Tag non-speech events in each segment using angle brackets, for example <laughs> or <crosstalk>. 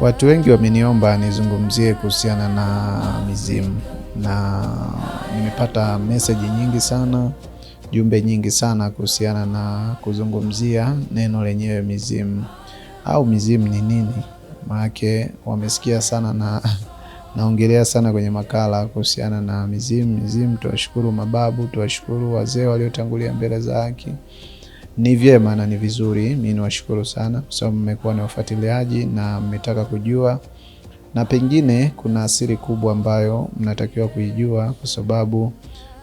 Watu wengi wameniomba nizungumzie kuhusiana na mizimu, na nimepata meseji nyingi sana, jumbe nyingi sana kuhusiana na kuzungumzia neno lenyewe mizimu, au mizimu ni nini. manake wamesikia sana na <laughs> naongelea sana kwenye makala kuhusiana na mizimu. Mizimu, tuwashukuru mababu, tuwashukuru wazee waliotangulia mbele za haki. Ni vyema na ni vizuri, mi niwashukuru sana kwa sababu mmekuwa ni wafuatiliaji na mmetaka kujua, na pengine kuna asili kubwa ambayo mnatakiwa kuijua, kwa sababu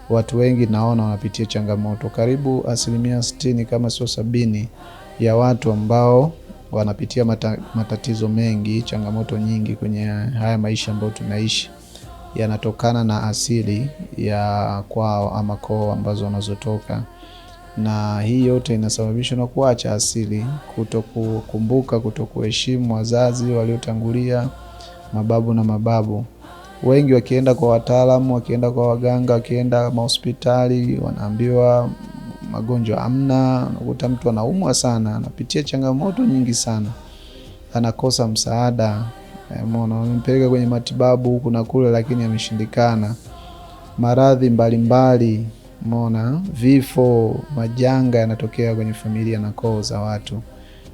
watu wengi naona wanapitia changamoto. Karibu asilimia sitini kama sio sabini ya watu ambao wanapitia mata, matatizo mengi, changamoto nyingi kwenye haya maisha ambayo tunaishi yanatokana na asili ya kwao ama koo ambazo wanazotoka na hii yote inasababishwa na kuacha asili, kutokukumbuka, kutokuheshimu wazazi waliotangulia, mababu na mababu. Wengi wakienda kwa wataalamu, wakienda kwa waganga, wakienda mahospitali, wanaambiwa magonjwa amna. Unakuta mtu anaumwa sana, anapitia changamoto nyingi sana, anakosa msaada, wamempeleka kwenye matibabu huku na kule, lakini ameshindikana. Maradhi mbalimbali Mona eh? vifo, majanga yanatokea kwenye familia na koo za watu,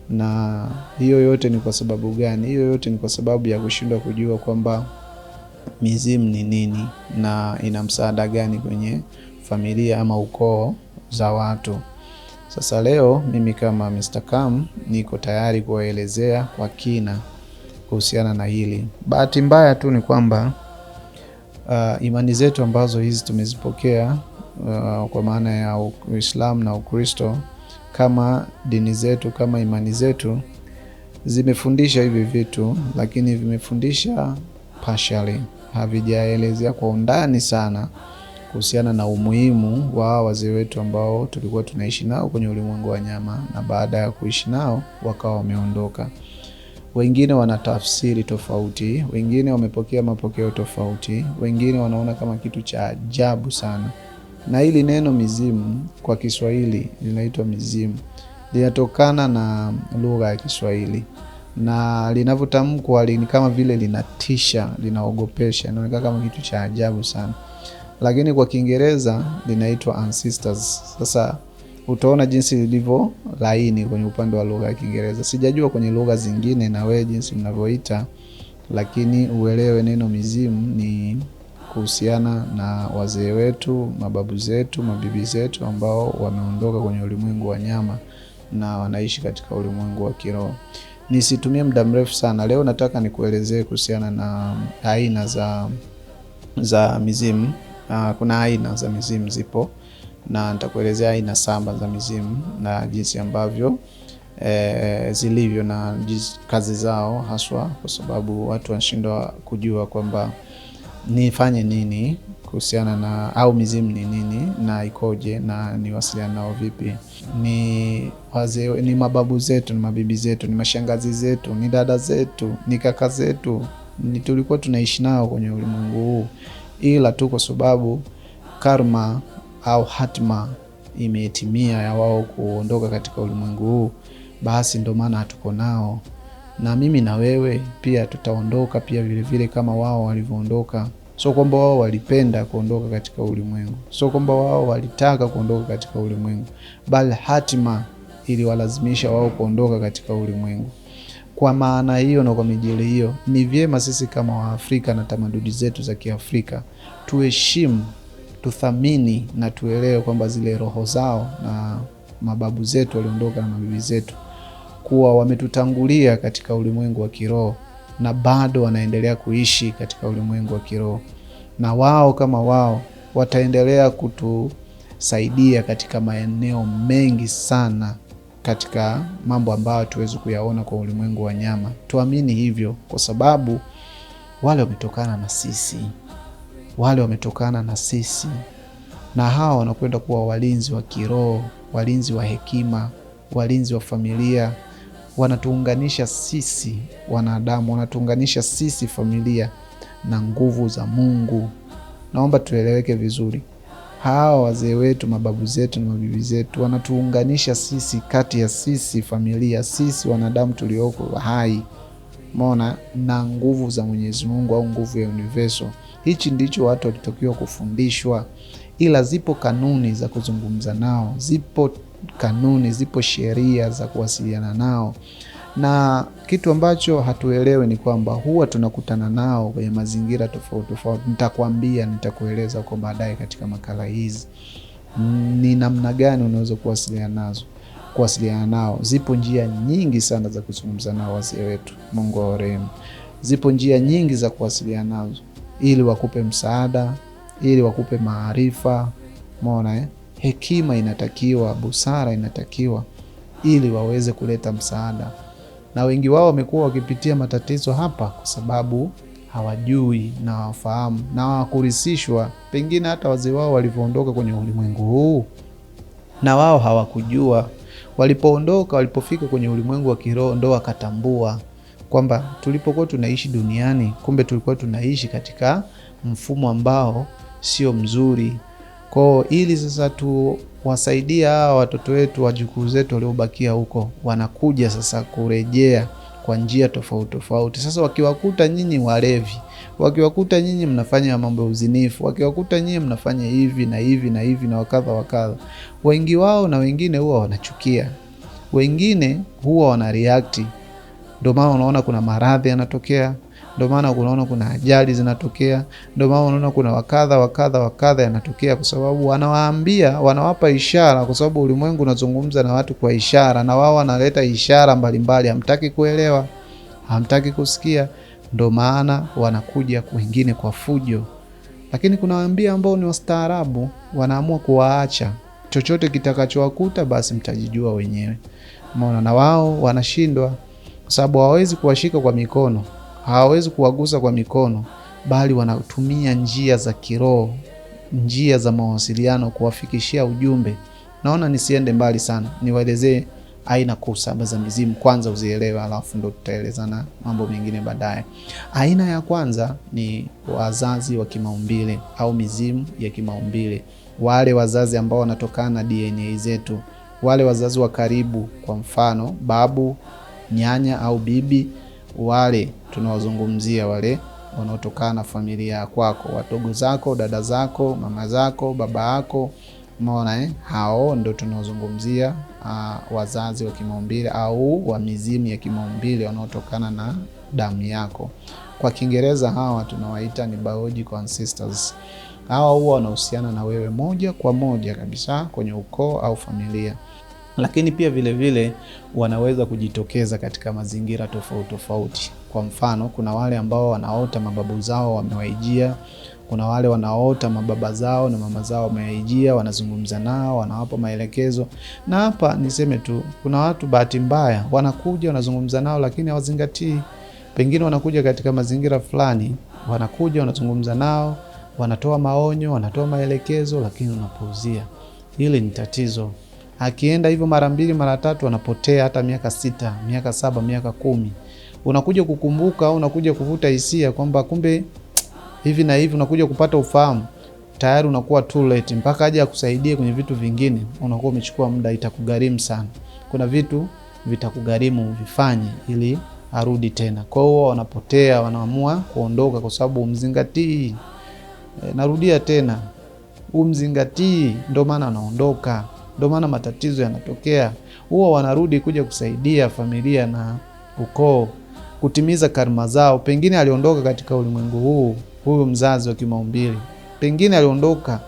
na hiyo yote ni kwa sababu gani? Hiyo yote ni kwa sababu ya kushindwa kujua kwamba mizimu ni nini na ina msaada gani kwenye familia ama ukoo za watu. Sasa leo mimi kama Mr. Kam niko tayari kuwaelezea kwa kina kuhusiana na hili. Bahati mbaya tu ni kwamba uh, imani zetu ambazo hizi tumezipokea uh, kwa maana ya Uislamu na Ukristo kama dini zetu kama imani zetu zimefundisha hivi vitu, lakini vimefundisha partially, havijaelezea kwa undani sana kuhusiana na umuhimu wa wazee wetu ambao tulikuwa tunaishi nao kwenye ulimwengu wa nyama, na baada ya kuishi nao wakawa wameondoka. Wengine wana tafsiri tofauti, wengine wamepokea mapokeo tofauti, wengine wanaona kama kitu cha ajabu sana. Na hili neno mizimu kwa Kiswahili linaitwa mizimu, linatokana na lugha ya Kiswahili na linavyotamkwa ni kama vile linatisha, linaogopesha, inaonekana kama kitu cha ajabu sana, lakini kwa Kiingereza linaitwa ancestors. Sasa utaona jinsi lilivyo laini kwenye upande wa lugha ya Kiingereza. Sijajua kwenye lugha zingine na wewe jinsi mnavyoita, lakini uelewe neno mizimu ni kuhusiana na wazee wetu, mababu zetu, mabibi zetu ambao wameondoka kwenye ulimwengu wa nyama na wanaishi katika ulimwengu wa kiroho. Nisitumie muda mrefu sana leo, nataka nikuelezee kuhusiana na aina za, za mizimu. Ah, kuna aina za mizimu zipo, na nitakuelezea aina saba za mizimu na jinsi ambavyo E, zilivyo na kazi zao haswa, kwa sababu watu wanashindwa kujua kwamba nifanye nini kuhusiana na au mizimu ni nini na ikoje na niwasiliana nao vipi? Ni wazee, ni mababu zetu, ni mabibi zetu, ni mashangazi zetu, ni dada zetu, ni kaka zetu, ni tulikuwa tunaishi nao kwenye ulimwengu huu, ila tu kwa sababu karma au hatma imetimia ya wao kuondoka katika ulimwengu huu, basi ndio maana hatuko nao na mimi na wewe pia tutaondoka pia vilevile vile kama wao walivyoondoka. Sio kwamba wao walipenda kuondoka katika ulimwengu, sio kwamba wao walitaka kuondoka katika ulimwengu, bali hatima iliwalazimisha wao kuondoka katika ulimwengu. Kwa maana hiyo na kwa mijili hiyo, ni vyema sisi kama Waafrika na tamaduni zetu za Kiafrika tuheshimu, tuthamini na tuelewe kwamba zile roho zao na mababu zetu waliondoka na mabibi zetu kuwa wametutangulia katika ulimwengu wa kiroho na bado wanaendelea kuishi katika ulimwengu wa kiroho, na wao kama wao wataendelea kutusaidia katika maeneo mengi sana katika mambo ambayo hatuwezi kuyaona kwa ulimwengu wa nyama. Tuamini hivyo, kwa sababu wale wametokana na sisi, wale wametokana na sisi, na hawa wanakwenda kuwa walinzi wa kiroho, walinzi wa hekima, walinzi wa familia wanatuunganisha sisi wanadamu, wanatuunganisha sisi familia na nguvu za Mungu. Naomba tueleweke vizuri, hawa wazee wetu, mababu zetu na mabibi zetu wanatuunganisha sisi, kati ya sisi familia, sisi wanadamu tulioko hai mona na nguvu za Mwenyezi Mungu au nguvu ya universo. Hichi ndicho watu walitakiwa kufundishwa, ila zipo kanuni za kuzungumza nao, zipo kanuni, zipo sheria za kuwasiliana nao, na kitu ambacho hatuelewi ni kwamba huwa tunakutana nao kwenye mazingira tofauti tofauti. Nitakwambia, nitakueleza huko baadaye katika makala hizi ni namna gani unaweza kuwasiliana nazo kuwasiliana nao. Zipo njia nyingi sana za kuzungumza nao wazee wetu, Mungu awarehemu. Zipo njia nyingi za kuwasiliana nazo ili wakupe msaada, ili wakupe maarifa, umeona eh? hekima inatakiwa, busara inatakiwa ili waweze kuleta msaada, na wengi wao wamekuwa wakipitia matatizo hapa kwa sababu hawajui na hawafahamu na hawakurisishwa, pengine hata wazee wao walivyoondoka kwenye ulimwengu huu, na wao hawakujua walipoondoka, walipofika kwenye ulimwengu wa kiroho ndo wakatambua kwamba tulipokuwa tunaishi duniani, kumbe tulikuwa tunaishi katika mfumo ambao sio mzuri. Kwao ili sasa tuwasaidia hawa watoto wetu, wajukuu zetu waliobakia huko, wanakuja sasa kurejea kwa njia tofauti tofauti. Sasa wakiwakuta nyinyi walevi, wakiwakuta nyinyi mnafanya mambo ya uzinifu, wakiwakuta nyinyi mnafanya hivi na hivi na hivi na wakadha wakadha, wengi wao na wengine huwa wanachukia, wengine huwa wanareact. Ndio maana unaona kuna maradhi yanatokea, ndio maana unaona kuna ajali zinatokea, ndio maana unaona kuna wakadha wakadha wakadha yanatokea, kwa sababu wanawaambia, wanawapa ishara, kwa sababu ulimwengu unazungumza na watu kwa ishara, na wao wanaleta ishara mbalimbali. Hamtaki kuelewa, hamtaki kusikia, ndio maana wanakuja wengine kwa fujo. Lakini kuna waambia ambao ni wastaarabu, wanaamua kuwaacha chochote kitakachowakuta basi mtajijua wenyewe. Maana na wao wanashindwa, kwa sababu hawawezi kuwashika kwa mikono hawawezi kuwagusa kwa mikono, bali wanatumia njia za kiroho, njia za mawasiliano kuwafikishia ujumbe. Naona nisiende mbali sana, niwaelezee aina kuu saba za mizimu kwanza, uzielewe, alafu ndo tutaelezana mambo mengine baadaye. Aina ya kwanza ni wazazi wa kimaumbile au mizimu ya kimaumbile, wale wazazi ambao wanatokana na DNA zetu, wale wazazi wa karibu, kwa mfano babu, nyanya au bibi wale tunawazungumzia wale wanaotokana na familia ya kwako, wadogo zako, dada zako, mama zako, baba yako, umeona eh? Hao ndo tunaozungumzia uh, wazazi wa kimaumbile au wa mizimu ya kimaumbile wanaotokana na damu yako. Kwa Kiingereza hawa tunawaita ni biological ancestors. Hawa huwa wanahusiana na wewe moja kwa moja kabisa kwenye ukoo au familia lakini pia vilevile vile, wanaweza kujitokeza katika mazingira tofauti tofauti. Kwa mfano, kuna wale ambao wanaota mababu zao wamewaijia, kuna wale wanaota mababa zao na mama zao wamewaijia, wanazungumza nao, wanawapa maelekezo. Na hapa niseme tu, kuna watu bahati mbaya wanakuja wanazungumza nao, lakini hawazingatii. Pengine wanakuja katika mazingira fulani, wanakuja wanazungumza nao, wanatoa maonyo, wanatoa maelekezo, lakini unapuuzia. Hili ni tatizo akienda hivyo mara mbili mara tatu, anapotea hata miaka sita, miaka saba, miaka kumi. Unakuja kukumbuka au unakuja kuvuta hisia kwamba kumbe hivi na hivi, unakuja kupata ufahamu tayari unakuwa too late, mpaka aje akusaidie kwenye vitu vingine, unakuwa umechukua muda, itakugharimu sana. Kuna vitu vitakugharimu vifanye ili arudi tena. Kwa hiyo wanapotea, wanaamua kuondoka kwa sababu umzingatii. E, narudia tena, umzingatii, ndio maana anaondoka. Ndio maana matatizo yanatokea, huwa wanarudi kuja kusaidia familia na ukoo kutimiza karma zao. Pengine aliondoka katika ulimwengu huu huyu mzazi wa kimaumbili, pengine aliondoka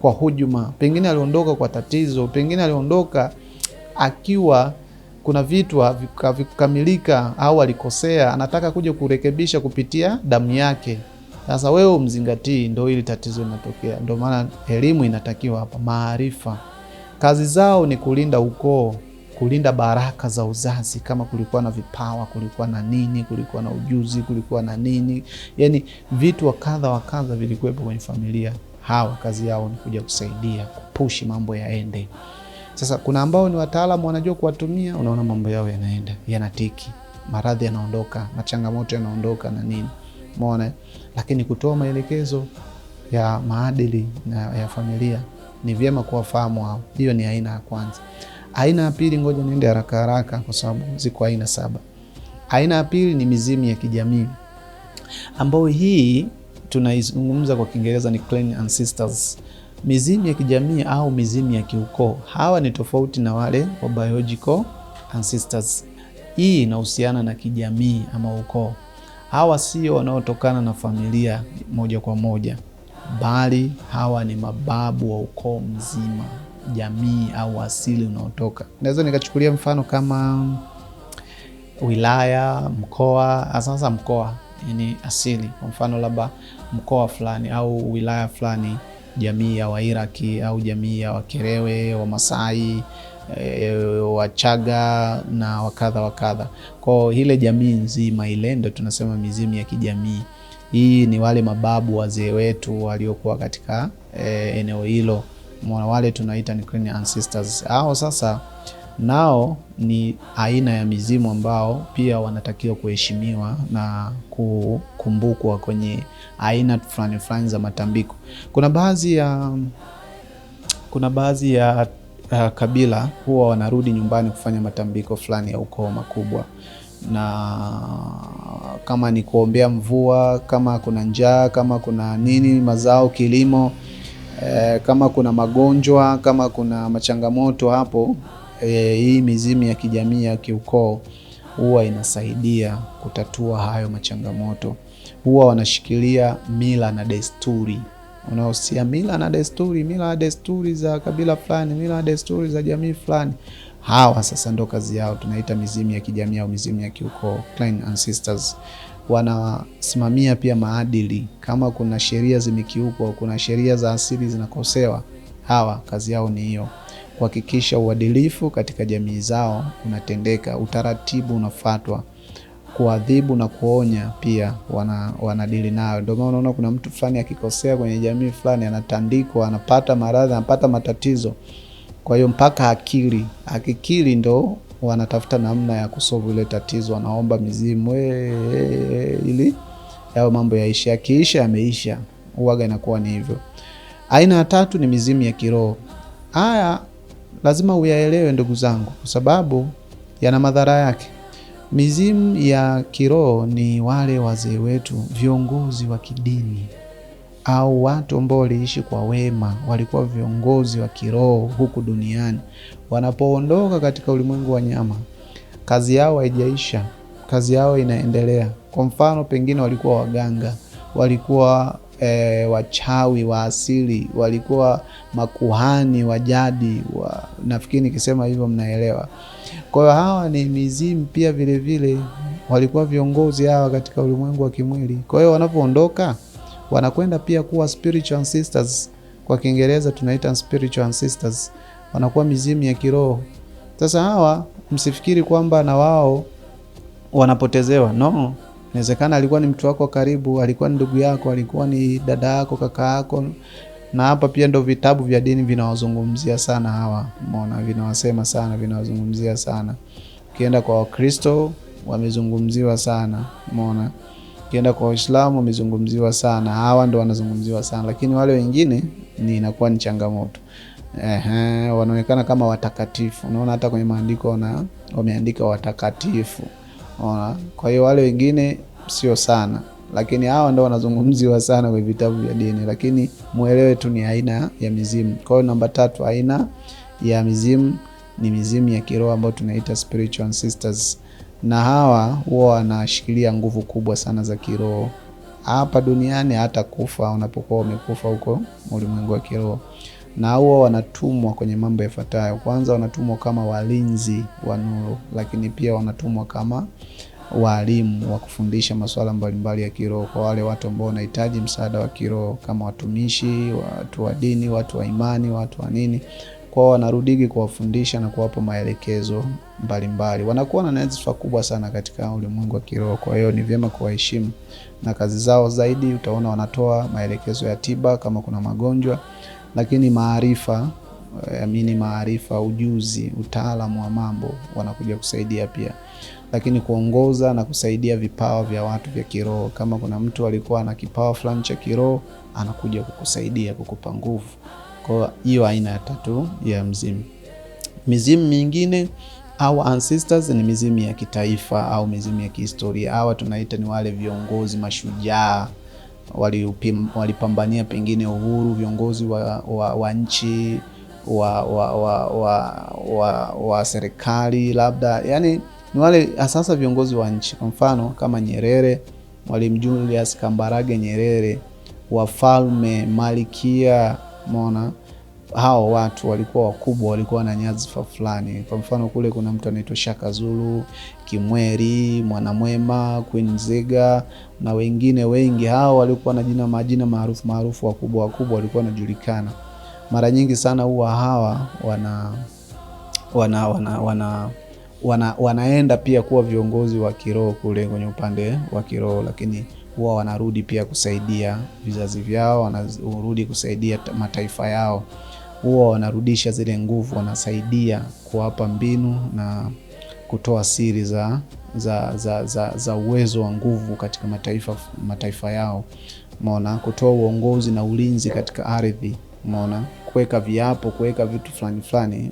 kwa hujuma, pengine aliondoka kwa tatizo, pengine aliondoka akiwa kuna vitu havikukamilika au alikosea, anataka kuja kurekebisha kupitia damu yake. Sasa wewe umzingatii, ndo hili tatizo linatokea. Ndio maana elimu inatakiwa hapa, maarifa. Kazi zao ni kulinda ukoo, kulinda baraka za uzazi, kama kulikuwa na vipawa, kulikuwa na nini, kulikuwa na ujuzi, kulikuwa na nini, yani vitu wa kadha wa kadha vilikuwepo kwenye familia. Hawa kazi yao ni kuja kusaidia kupushi mambo yaende. Sasa kuna ambao ni wataalamu, wanajua kuwatumia, unaona mambo yao yanaenda, yanatiki, maradhi yanaondoka, na changamoto yanaondoka na nini, umeona. Lakini kutoa maelekezo ya maadili na ya familia ni vyema kuwafahamu hao. Hiyo ni aina ya kwanza. Aina ya pili, ngoja niende haraka haraka kwa sababu ziko aina saba. Aina ya pili ni mizimu ya kijamii ambayo hii tunaizungumza kwa Kiingereza ni clan ancestors. Mizimu ya kijamii au mizimu ya kiukoo, hawa ni tofauti na wale wa biological ancestors. Hii inahusiana na kijamii ama ukoo. Hawa sio wanaotokana na familia moja kwa moja, bali hawa ni mababu wa ukoo mzima, jamii au asili unaotoka. Naweza nikachukulia mfano kama wilaya, mkoa, asasa ah, mkoa ni asili. Kwa mfano labda mkoa fulani au wilaya fulani, jamii ya Wairaki au jamii ya Wakerewe, Wamasai, e, Wachaga na wakadha wakadha. Kwao ile jamii nzima ile ndo tunasema mizimu ya kijamii. Hii ni wale mababu wazee wetu waliokuwa katika e, eneo hilo, wale tunaita ni clean ancestors. Hao sasa nao ni aina ya mizimu ambao pia wanatakiwa kuheshimiwa na kukumbukwa kwenye aina fulani fulani za matambiko. Kuna baadhi ya kuna baadhi ya uh, kabila huwa wanarudi nyumbani kufanya matambiko fulani ya ukoo makubwa, na kama ni kuombea mvua, kama kuna njaa, kama kuna nini mazao, kilimo e, kama kuna magonjwa, kama kuna machangamoto hapo e, hii mizimu ya kijamii ya kiukoo huwa inasaidia kutatua hayo machangamoto. Huwa wanashikilia mila na desturi unaohusia mila na desturi, mila na desturi za kabila fulani, mila na desturi za jamii fulani hawa sasa ndo kazi yao, tunaita mizimu ya kijamii au mizimu ya kiukoo, clan ancestors. Wanasimamia pia maadili, kama kuna sheria zimekiukwa, kuna sheria za asili zinakosewa, hawa kazi yao ni hiyo, kuhakikisha uadilifu katika jamii zao unatendeka, utaratibu unafatwa, kuadhibu na kuonya pia wana, wanadili nayo. Ndio maana unaona kuna mtu fulani akikosea kwenye jamii fulani, anatandikwa, anapata maradhi, anapata matatizo kwa hiyo mpaka akili akikili ndo wanatafuta namna ya kusolve ile tatizo, wanaomba mizimu ee, ee, ee, ili yao mambo yaisha. Akiisha yameisha, uwaga inakuwa ni hivyo. Aina ya tatu ni mizimu ya kiroho. Haya lazima uyaelewe ndugu zangu, kwa sababu yana madhara yake. Mizimu ya kiroho ni wale wazee wetu, viongozi wa kidini au watu ambao waliishi kwa wema, walikuwa viongozi wa kiroho huku duniani, wanapoondoka katika ulimwengu wa nyama, kazi yao haijaisha, kazi yao inaendelea. Kwa mfano, pengine walikuwa waganga, walikuwa E, wachawi wa asili walikuwa makuhani wa jadi wa, nafikiri nikisema hivyo mnaelewa. Kwa hiyo hawa ni mizimu pia vilevile, walikuwa viongozi hawa katika ulimwengu wa kimwili. Kwa hiyo wanapoondoka wanakwenda pia kuwa spiritual ancestors, kwa Kiingereza tunaita spiritual ancestors, wanakuwa mizimu ya kiroho. Sasa hawa msifikiri kwamba na wao wanapotezewa, no. Inawezekana alikuwa ni mtu wako karibu, alikuwa ni ndugu yako, alikuwa ni dada yako, kaka yako. Na hapa pia ndo vitabu vya dini vinawazungumzia sana hawa, umeona, vinawasema sana, vinawazungumzia sana. Ukienda kwa Wakristo wamezungumziwa sana, umeona. Ukienda kwa Waislamu wamezungumziwa sana, hawa ndo wanazungumziwa sana, lakini wale wengine ni inakuwa ni changamoto. Ehe, wanaonekana kama watakatifu. Unaona hata kwenye maandiko na wameandika watakatifu. Ona, kwa hiyo wale wengine sio sana, lakini hawa ndo wanazungumziwa sana kwenye vitabu vya dini. Lakini muelewe tu ni aina ya mizimu. Kwa hiyo namba tatu, aina ya mizimu ni mizimu ya kiroho ambayo tunaita spiritual sisters na hawa huwa wanashikilia nguvu kubwa sana za kiroho hapa duniani, hata kufa unapokuwa umekufa huko ulimwengu wa kiroho, na huwa wanatumwa kwenye mambo yafuatayo. Kwanza wanatumwa kama walinzi wa nuru, lakini pia wanatumwa kama waalimu wa kufundisha masuala mbalimbali ya kiroho kwa wale watu ambao wanahitaji msaada wa kiroho, kama watumishi, watu wa dini, watu wa imani, watu wa nini kwao wanarudigi kuwafundisha na kuwapa maelekezo mbalimbali. Wanakuwa na nafasi kubwa sana katika ulimwengu wa kiroho, kwa hiyo ni vyema kuwaheshimu na kazi zao. Zaidi utaona wanatoa maelekezo ya tiba kama kuna magonjwa, lakini maarifa eh, amini, maarifa, ujuzi, utaalamu wa mambo wanakuja kusaidia pia, lakini kuongoza na kusaidia vipawa vya watu vya kiroho. Kama kuna mtu alikuwa na kipawa fulani cha kiroho, anakuja kukusaidia kukupa nguvu kwa hiyo aina ya tatu ya mzimu. Mizimu mingine au ancestors ni mizimu ya kitaifa au mizimu ya kihistoria. Hawa tunaita ni wale viongozi mashujaa walipambania pengine uhuru, viongozi wa, wa, wa nchi wa, wa, wa, wa, wa, wa serikali labda, yani ni wale asasa viongozi wa nchi, kwa mfano kama Nyerere, Mwalimu Julius Kambarage Nyerere, wafalme, malikia Umeona, hao watu walikuwa wakubwa, walikuwa na nyadhifa fulani. Kwa mfano kule kuna mtu anaitwa Shaka Zulu, Kimweri, Mwanamwema, Queen Nzega na wengine wengi. Hao walikuwa na jina majina maarufu maarufu, wakubwa wakubwa, walikuwa wanajulikana. Mara nyingi sana huwa hawa wana wana wana, wana wana, wanaenda pia kuwa viongozi wa kiroho kule kwenye upande wa kiroho, lakini huwa wanarudi pia kusaidia vizazi vyao, wanarudi kusaidia mataifa yao, huwa wanarudisha zile nguvu, wanasaidia kuwapa mbinu na kutoa siri za, za, za, za, za uwezo wa nguvu katika mataifa, mataifa yao mona, kutoa uongozi na ulinzi katika ardhi mona, kuweka viapo, kuweka vitu fulani fulani.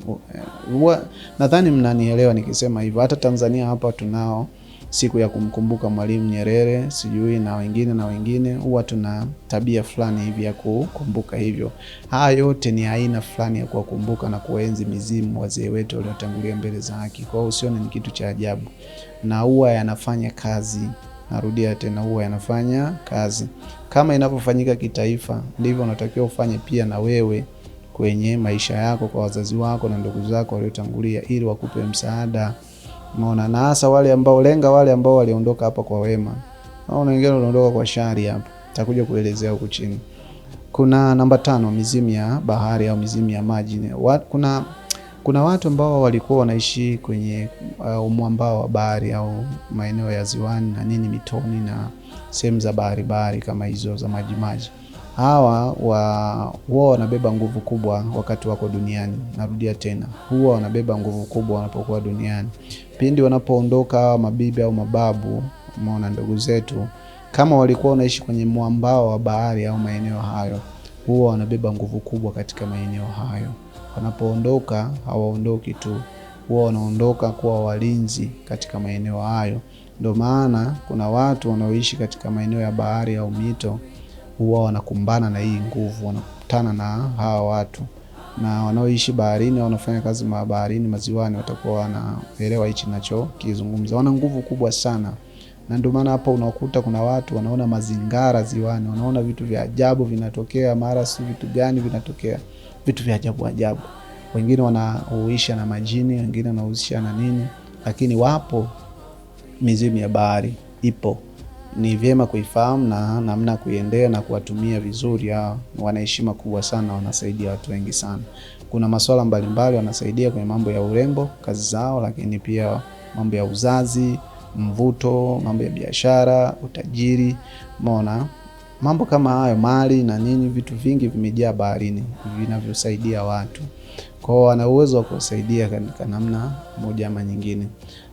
Eh, nadhani mnanielewa nikisema hivyo. Hata Tanzania hapa tunao siku ya kumkumbuka Mwalimu Nyerere sijui na wengine na wengine, huwa tuna tabia fulani hivi ya kukumbuka hivyo. Haya yote ni aina fulani ya kuwakumbuka na kuwaenzi mizimu wazee wetu waliotangulia mbele za haki. Kwa hiyo usione ni kitu cha ajabu, na huwa yanafanya kazi. Narudia tena, huwa yanafanya kazi. Kama inavyofanyika kitaifa, ndivyo unatakiwa ufanye pia na wewe kwenye maisha yako, kwa wazazi wako na ndugu zako waliotangulia, ili wakupe msaada. Unaona, na hasa wale ambao lenga wale ambao waliondoka hapa kwa wema, au wengine waliondoka kwa shari. Hapa takuja kuelezea huku chini. Kuna namba tano, mizimu ya bahari au mizimu ya maji. Kuna kuna watu ambao walikuwa wanaishi kwenye uh, mwambao wa bahari au maeneo ya ziwani na nini, mitoni na sehemu za bahari bahari kama hizo za maji maji hawa wa huwa wanabeba nguvu kubwa wakati wako duniani. Narudia tena, huwa wanabeba nguvu kubwa wanapokuwa duniani. Pindi wanapoondoka hawa mabibi au mababu, maona ndugu zetu, kama walikuwa wanaishi kwenye mwambao wa bahari au maeneo hayo, huwa wanabeba nguvu kubwa katika maeneo hayo. Wanapoondoka hawaondoki tu, huwa wanaondoka kuwa walinzi katika maeneo hayo. Ndio maana kuna watu wanaoishi katika maeneo ya bahari au mito huwa wanakumbana na hii nguvu, wanakutana na hawa watu, na wanaoishi baharini wanafanya kazi mabaharini, maziwani, watakuwa wanaelewa hichi nachokizungumza. Wana nguvu kubwa sana, na ndio maana hapa unakuta kuna watu wanaona mazingara ziwani, wanaona vitu vya ajabu vinatokea, mara si vitu gani vinatokea, vitu vya ajabu ajabu. Wengine wanahuisha na majini, wengine wanahuisha na nini, lakini wapo, mizimu ya bahari ipo ni vyema kuifahamu na namna kuiendea na kuwatumia vizuri. Hao wana heshima kubwa sana, wanasaidia watu wengi sana. Kuna masuala mbalimbali wanasaidia kwenye mambo ya urembo, kazi zao, lakini pia mambo ya uzazi, mvuto, mambo ya biashara, utajiri, mona mambo kama hayo, mali na nini, vitu vingi vimejaa baharini vinavyosaidia watu kwao. Wana uwezo wa kuwasaidia katika namna moja ama nyingine.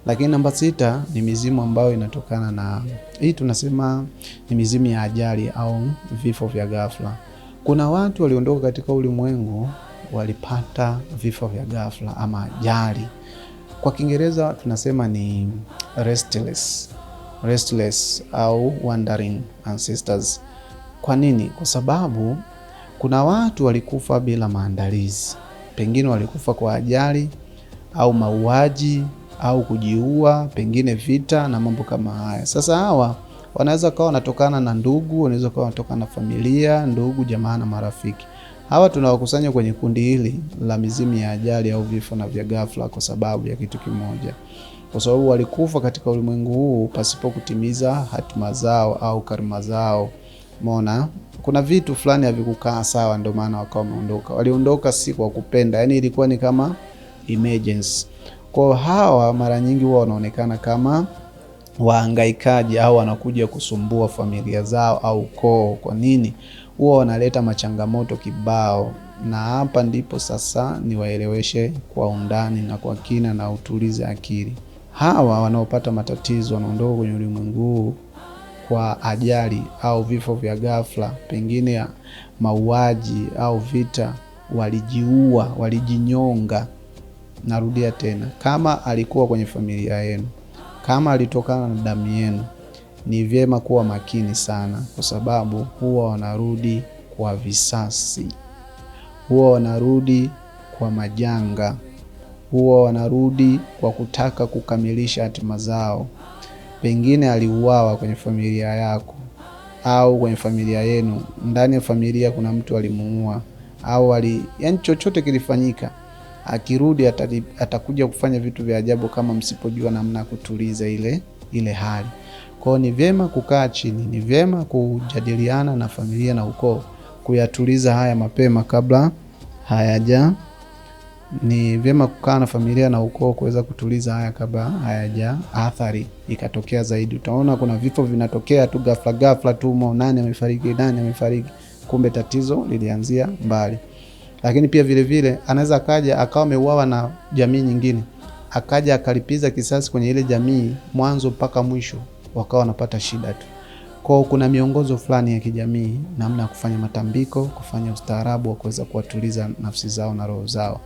Lakini namba sita ni mizimu ambayo inatokana na hii, tunasema ni mizimu ya ajali au vifo vya ghafla. Kuna watu waliondoka katika ulimwengu walipata vifo vya ghafla ama ajali, kwa Kiingereza tunasema ni restless, restless au wandering ancestors. Kwa nini? Kwa sababu kuna watu walikufa bila maandalizi, pengine walikufa kwa ajali au mauaji au kujiua, pengine vita na mambo kama haya. Sasa hawa wanaweza kawa wanatokana na ndugu, wanaweza kawa wanatokana na familia, ndugu, jamaa na marafiki. Hawa tunawakusanya kwenye kundi hili la mizimu ya ajali au vifo na vya ghafla kwa sababu ya kitu kimoja, kwa sababu walikufa katika ulimwengu huu pasipo kutimiza hatima zao au karma zao. Mona, kuna vitu fulani havikukaa sawa, ndio maana wakawa wameondoka. Waliondoka si kwa kupenda, yani ilikuwa ni kama emergency kwa hawa mara nyingi huwa wanaonekana kama wahangaikaji au wanakuja kusumbua familia zao au koo. Kwa nini? Huwa wanaleta machangamoto kibao, na hapa ndipo sasa niwaeleweshe kwa undani na kwa kina na utulize akili. Hawa wanaopata matatizo wanaondoka kwenye ulimwengu kwa ajali au vifo vya ghafla, pengine mauaji au vita, walijiua, walijinyonga. Narudia tena, kama alikuwa kwenye familia yenu, kama alitokana na damu yenu, ni vyema kuwa makini sana, kwa sababu huwa wanarudi kwa visasi, huwa wanarudi kwa majanga, huwa wanarudi kwa kutaka kukamilisha hatima zao. Pengine aliuawa kwenye familia yako au kwenye familia yenu, ndani ya familia kuna mtu alimuua au ali, yani chochote kilifanyika akirudi atakuja kufanya vitu vya ajabu kama msipojua namna ya kutuliza ile, ile hali. Kwao ni vyema kukaa chini, ni vyema kujadiliana na familia na ukoo kuyatuliza haya mapema kabla hayaja. Ni vyema kukaa na familia na ukoo kuweza kutuliza haya kabla hayaja athari ikatokea zaidi. Utaona kuna vifo vinatokea tu ghafla ghafla tu, mo nani amefariki, nani amefariki, kumbe tatizo lilianzia mbali lakini pia vile vile anaweza akaja akawa ameuawa na jamii nyingine, akaja akalipiza kisasi kwenye ile jamii mwanzo mpaka mwisho, wakawa wanapata shida tu. Kwa kuna miongozo fulani ya kijamii, namna ya kufanya matambiko, kufanya ustaarabu wa kuweza kuwatuliza nafsi zao na roho zao.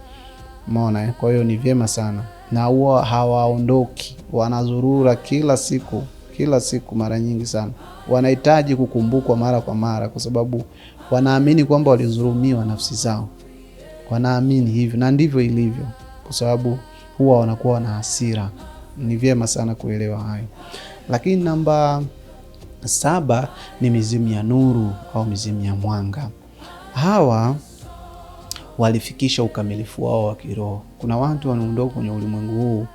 Umeona, eh? kwa hiyo ni vyema sana, na huwa hawaondoki, wanazurura kila siku kila siku, mara nyingi sana wanahitaji kukumbukwa mara kwa mara, kwa sababu wanaamini kwamba walizulumiwa nafsi zao wanaamini hivyo na ndivyo ilivyo, kwa sababu huwa wanakuwa wana hasira. Ni vyema sana kuelewa hayo. Lakini namba saba ni mizimu ya nuru au mizimu ya mwanga. Hawa walifikisha ukamilifu wao wa kiroho. Kuna watu wanaondoka kwenye ulimwengu huu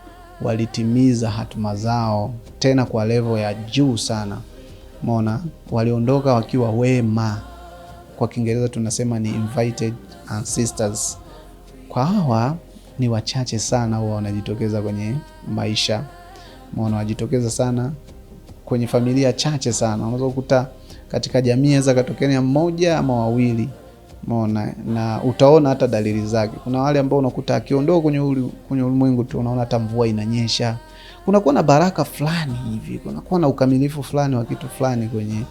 walitimiza hatima zao tena kwa levo ya juu sana. Mona waliondoka wakiwa wema, kwa Kiingereza tunasema ni invited and sisters. Kwa hawa ni wachache sana huwa wanajitokeza kwenye maisha, maana wajitokeza sana kwenye familia chache sana. Unaweza kukuta katika jamii aweza katokea mmoja ama wawili, maona na utaona hata dalili zake. Kuna wale ambao unakuta akiondoka kwenye kwenye ulimwengu tu unaona hata mvua inanyesha, kunakuwa na baraka fulani hivi, kunakuwa na ukamilifu fulani wa kitu fulani kwenye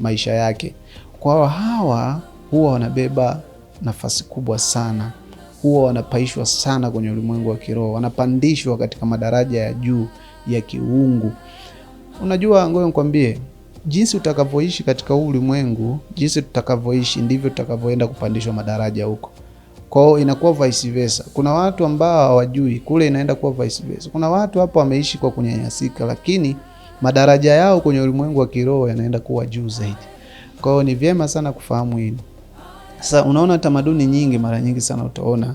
maisha yake. Kwa hawa huwa wanabeba nafasi kubwa sana, huwa wanapaishwa sana kwenye ulimwengu wa kiroho, wanapandishwa katika madaraja ya juu ya kiungu. Unajua, ngoja nikwambie, jinsi utakavyoishi katika huu ulimwengu, jinsi tutakavyoishi ndivyo tutakavyoenda kupandishwa madaraja huko. Kwa hiyo inakuwa vice versa. Kuna watu ambao hawajui, kule inaenda kuwa vice versa. Kuna watu hapo wameishi kwa kunyanyasika, lakini madaraja yao kwenye ulimwengu wa kiroho yanaenda kuwa juu zaidi. Kwa hiyo ni vyema sana kufahamu hili. Sasa unaona tamaduni nyingi, mara nyingi sana utaona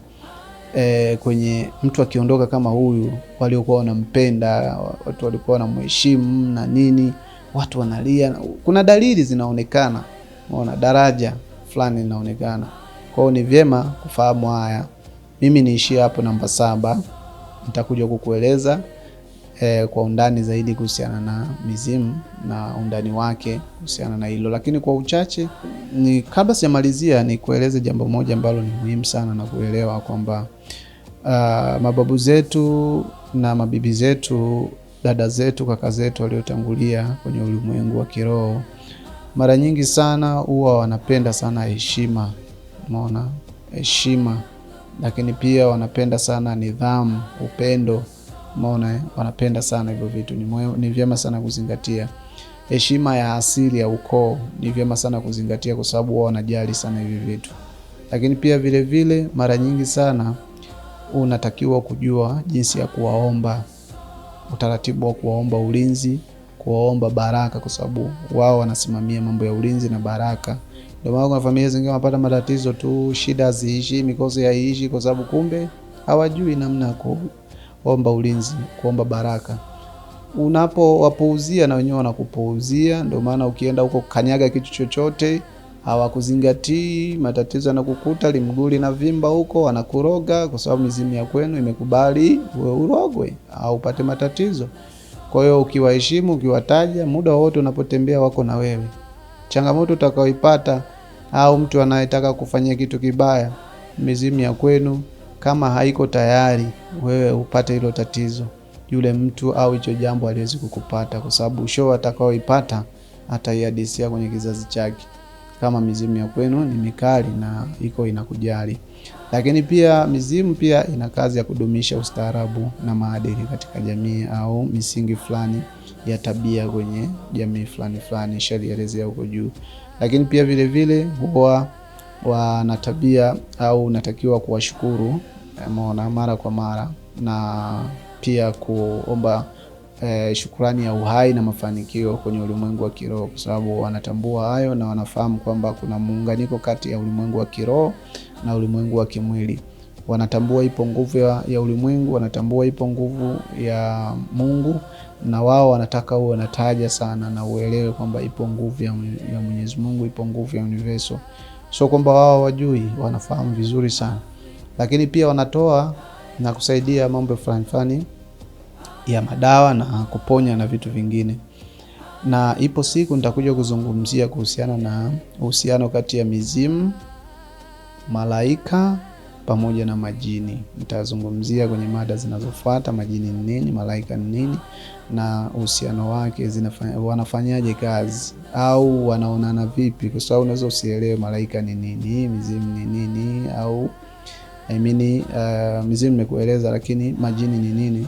e, kwenye mtu akiondoka kama huyu, waliokuwa wanampenda watu walikuwa wanamheshimu na nini, watu wanalia, kuna dalili zinaonekana, unaona daraja fulani linaonekana. Kwa hiyo ni vyema kufahamu haya. Mimi niishie hapo namba saba, nitakuja kukueleza eh, kwa undani zaidi kuhusiana na mizimu na undani wake kuhusiana na hilo, lakini kwa uchache ni kabla sijamalizia ni kueleze jambo moja ambalo ni muhimu sana na kuelewa kwamba uh, mababu zetu na mabibi zetu, dada zetu, kaka zetu waliotangulia kwenye ulimwengu wa kiroho mara nyingi sana huwa wanapenda sana heshima, umeona heshima, lakini pia wanapenda sana nidhamu, upendo Umeona, eh? wanapenda sana hivyo vitu. Ni, ni vyema sana kuzingatia heshima ya asili ya ukoo, ni vyema sana kuzingatia kwa sababu wao wanajali sana hivi vitu. Lakini pia vile vile mara nyingi sana unatakiwa kujua jinsi ya kuwaomba, utaratibu wa kuwaomba ulinzi, kuwaomba baraka, kwa sababu wao wanasimamia mambo ya ulinzi na baraka. Ndio maana kuna familia zingine wanapata matatizo tu, shida ziishi, mikosi yaishi, kwa sababu kumbe hawajui namna ya omba ulinzi, kuomba baraka. Unapowapuuzia na wenyewe wanakupuuzia. Ndio maana ukienda huko kanyaga kitu chochote hawakuzingatii, matatizo yanakukuta, na vimba huko, wanakuroga kwa sababu mizimu ya kwenu imekubali wewe urogwe au upate matatizo. Kwa hiyo ukiwaheshimu, ukiwataja, muda wote unapotembea wako na wewe. Changamoto utakaoipata au mtu anayetaka kufanyia kitu kibaya, mizimu ya kwenu kama haiko tayari wewe upate hilo tatizo, yule mtu au hicho jambo aliwezi kukupata, kwa sababu show atakaoipata ataiadisia kwenye kizazi chake, kama mizimu ya kwenu ni mikali na iko inakujali. Lakini pia mizimu pia ina kazi ya kudumisha ustaarabu na maadili katika jamii au misingi fulani ya tabia kwenye jamii fulani fulani, shalielezea huko juu. Lakini pia vilevile huwa wana tabia au unatakiwa kuwashukuru eh, mona mara kwa mara na pia kuomba eh, shukurani ya uhai na mafanikio kwenye ulimwengu wa kiroho, kwa sababu wanatambua hayo na wanafahamu kwamba kuna muunganiko kati ya ulimwengu wa kiroho na ulimwengu wa kimwili. Wanatambua ipo nguvu ya, ya ulimwengu, wanatambua ipo nguvu ya Mungu, na wao wanataka uwe wanataja sana na uelewe kwamba ipo nguvu ya, ya Mwenyezi Mungu, ipo nguvu ya universo sio kwamba wao wajui, wanafahamu vizuri sana, lakini pia wanatoa na kusaidia mambo fulani fulani ya madawa na kuponya na vitu vingine, na ipo siku nitakuja kuzungumzia kuhusiana na uhusiano kati ya mizimu, malaika pamoja na majini. Nitazungumzia kwenye mada zinazofuata majini ni nini, malaika ni nini na uhusiano wake, wanafanyaje kazi au wanaonana vipi, kwa sababu unaweza usielewe malaika ni nini, mizimu ni nini au I mean, uh, mizimu nimekueleza, lakini majini ni nini,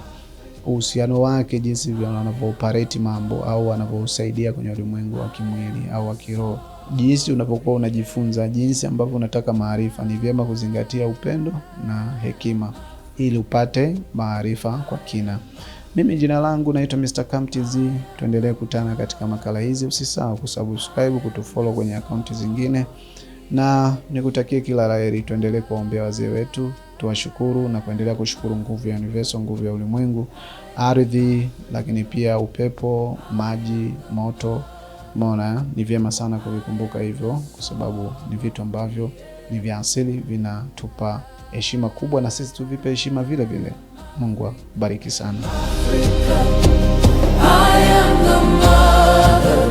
uhusiano wake, jinsi wanavyo operate mambo au wanavyosaidia kwenye ulimwengu wa kimwili au wa kiroho jinsi unapokuwa unajifunza, jinsi ambavyo unataka maarifa, ni vyema kuzingatia upendo na hekima ili upate maarifa kwa kina. Mimi jina langu naitwa Mr. Kamtz. Tuendelee kutana katika makala hizi. Usisahau kusubscribe, kutufollow kwenye akaunti zingine, na nikutakie kila laheri. Tuendelee kuwaombea wazee wetu, tuwashukuru na kuendelea kushukuru nguvu ya universe, nguvu ya ulimwengu, ardhi, lakini pia upepo, maji, moto Umeona, ni vyema sana kuvikumbuka hivyo, kwa sababu ni vitu ambavyo ni vya asili, vinatupa heshima kubwa, na sisi tuvipe heshima vile vile. Mungu akubariki sana Africa,